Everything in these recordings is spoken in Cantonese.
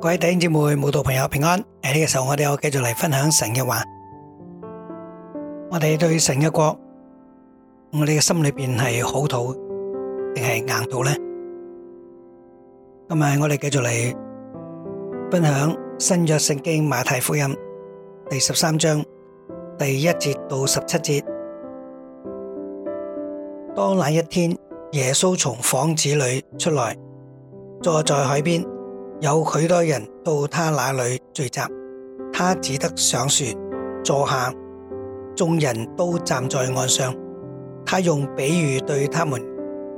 各位弟兄姊妹、舞蹈朋友平安！喺呢個時候，我哋又繼續嚟分享神嘅話。我哋對神嘅國，我哋嘅心裏邊係好土定係硬土呢？今日，我哋繼續嚟分享新約聖經馬太福音第十三章第一節到十七節。當那一天，耶穌從房子裏出來，坐在海邊。有許多人到他那裡聚集，他只得上船坐下，眾人都站在岸上。他用比喻對他們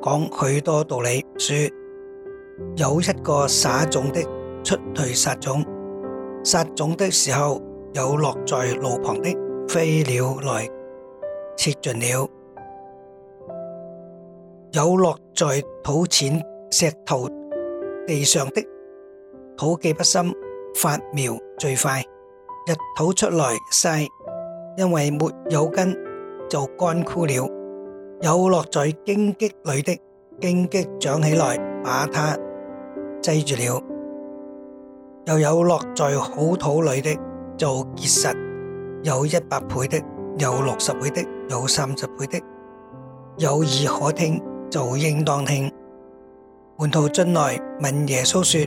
講許多道理，說：有一個撒種的出去撒種，撒種的時候有落在路旁的飛鳥來吃盡了，有落在土淺石頭地上的。土既不深，發苗最快。日土出來曬，因為沒有根，就乾枯了。有落在荊棘裏的，荊棘長起來，把它擠住了。又有落在好土裏的，就結實。有一百倍的，有六十倍的，有三十倍的。有耳可聽，就應當聽。門徒進來問耶穌說。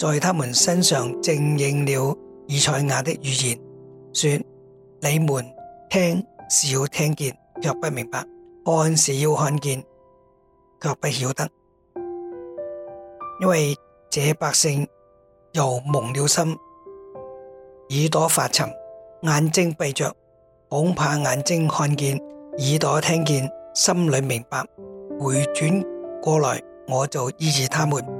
在他們身上正應了以賽亞的預言，說：你們聽是要聽見，卻不明白；看是要看見，卻不曉得。因為這百姓又蒙了心，耳朵發沉，眼睛閉着，恐怕眼睛看見，耳朵聽見，心裏明白，回轉過來，我就醫治他們。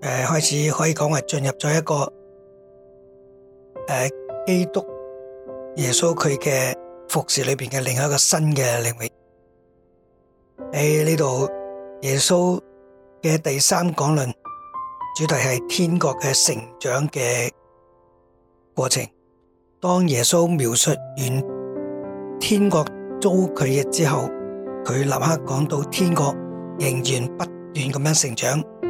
誒，開始可以講話進入咗一個誒、啊、基督耶穌佢嘅服侍裏邊嘅另一個新嘅領域。喺呢度，耶穌嘅第三講論主題係天國嘅成長嘅過程。當耶穌描述完天國遭拒嘅之後，佢立刻講到天國仍然不斷咁樣成長。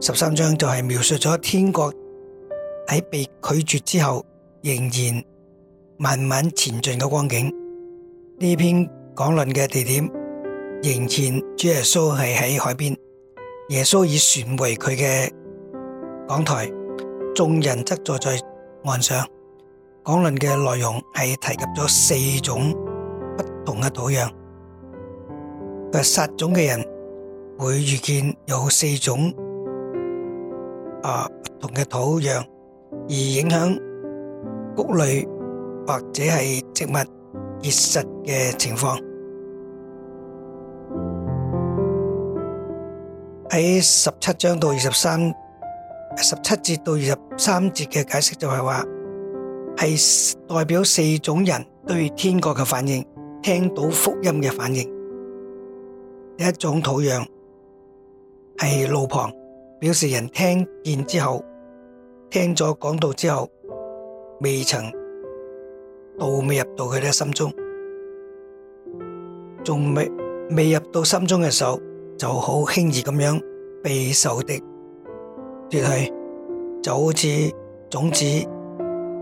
十三章就係描述咗天國喺被拒絕之後，仍然慢慢前進嘅光景。呢篇講論嘅地點，仍然主耶穌係喺海邊，耶穌以船為佢嘅港台，眾人則坐在岸上。講論嘅內容係提及咗四種不同嘅土壤，嘅撒種嘅人會遇見有四種。啊，不同嘅土壤而影響穀類或者係植物結實嘅情況。喺十七章到二十三，十七節到二十三節嘅解釋就係話，係代表四種人對天國嘅反應，聽到福音嘅反應。第一種土壤係路旁。表示人聽見之後，聽咗講道之後，未曾到未入到佢嘅心中，仲未未入到心中嘅時候，就好輕易咁樣被仇敵奪去，就好似種子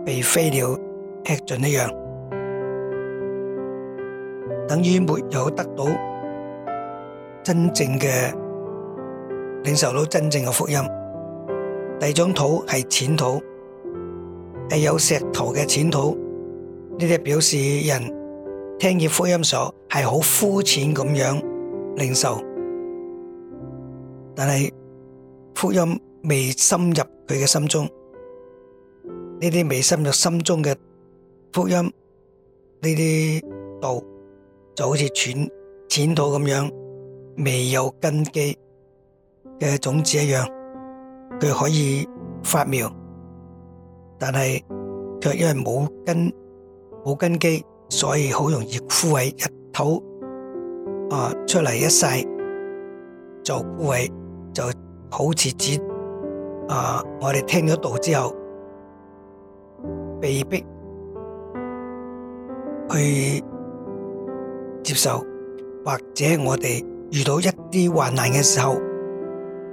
被飛鳥吃盡一樣，等於沒有得到真正嘅。領受到真正嘅福音。第二種土係淺土，係有石頭嘅淺土。呢啲表示人聽見福音所係好膚淺咁樣領受，但係福音未深入佢嘅心中。呢啲未深入心中嘅福音，呢啲道就好似淺淺土咁樣，未有根基。嘅種子一樣，佢可以發苗，但係卻因為冇根冇根基，所以好容易枯萎。一頭啊出嚟一曬就枯萎，就好似指啊，我哋聽咗道之後被逼去接受，或者我哋遇到一啲患難嘅時候。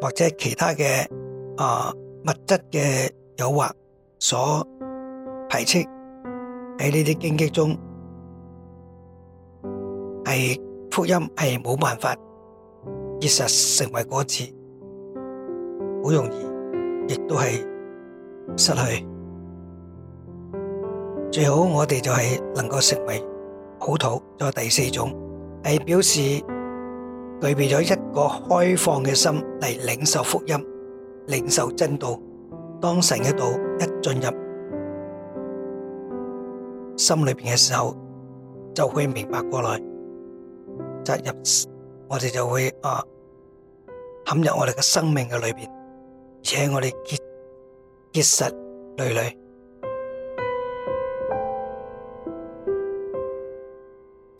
或者其他嘅啊、呃、物質嘅誘惑所排斥喺呢啲經歷中，係福音係冇辦法切實成為果子，好容易亦都係失去。最好我哋就係能夠成為好土，就第四種係表示。具備咗一個開放嘅心嚟領受福音，領受真道，當神嘅道一進入心裏邊嘅時候，就會明白過來。扎入我哋就會啊，陷入我哋嘅生命嘅裏邊，而且我哋結結實纍纍。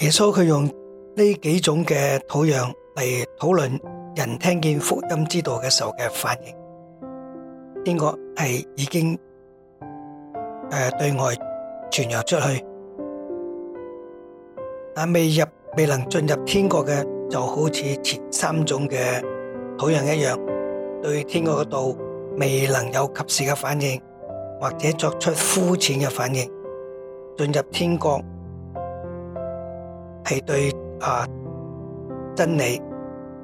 耶穌佢用呢幾種嘅土壤，係討論人聽見福音之道嘅時候嘅反應，天國係已經誒對外傳揚出去，但未入未能進入天國嘅，就好似前三種嘅土壤一樣，對天國嘅道未能有及時嘅反應，或者作出膚淺嘅反應。進入天國係對啊真理。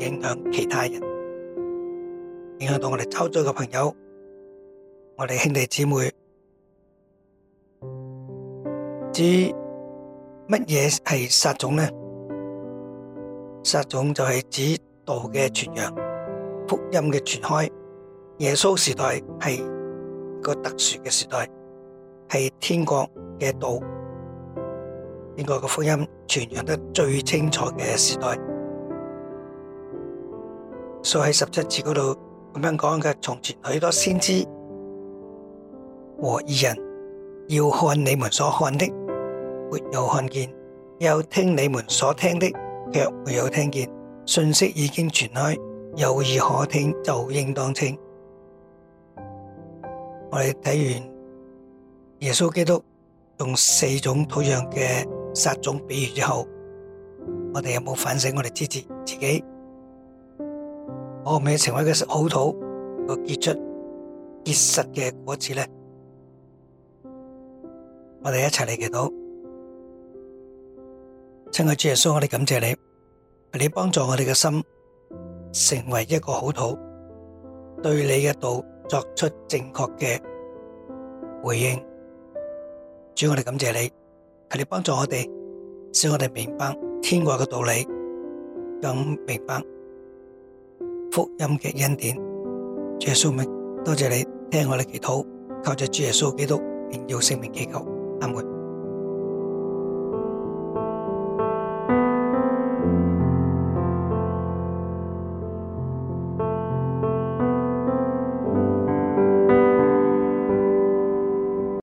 影響其他人，影響到我哋周遭嘅朋友，我哋兄弟姊妹。至於乜嘢係殺種呢？殺種就係指道嘅傳揚、福音嘅傳開。耶穌時代係個特殊嘅時代，係天國嘅道，天國嘅福音傳揚得最清楚嘅時代。所以喺十七節嗰度咁樣講嘅，從前許多先知和義人，要看你們所看的，沒有看見；又聽你們所聽的，卻沒有聽見。信息已經傳開，有意可聽就應當聽。我哋睇完耶穌基督用四種土壤嘅撒種比喻之後，我哋有冇反省我哋自己？我咪成為一個好土個結出結實嘅果子咧，我哋一齊嚟祈禱。親愛的主耶穌，我哋感謝你，係你幫助我哋嘅心成為一個好土，對你嘅道作出正確嘅回應。主，我哋感謝你，係你幫助我哋使我哋明白天國嘅道理，更明白。福音嘅恩典，主耶穌名，多謝你聽我哋祈禱，靠着主耶穌基督，榮耀聖名祈求，阿門。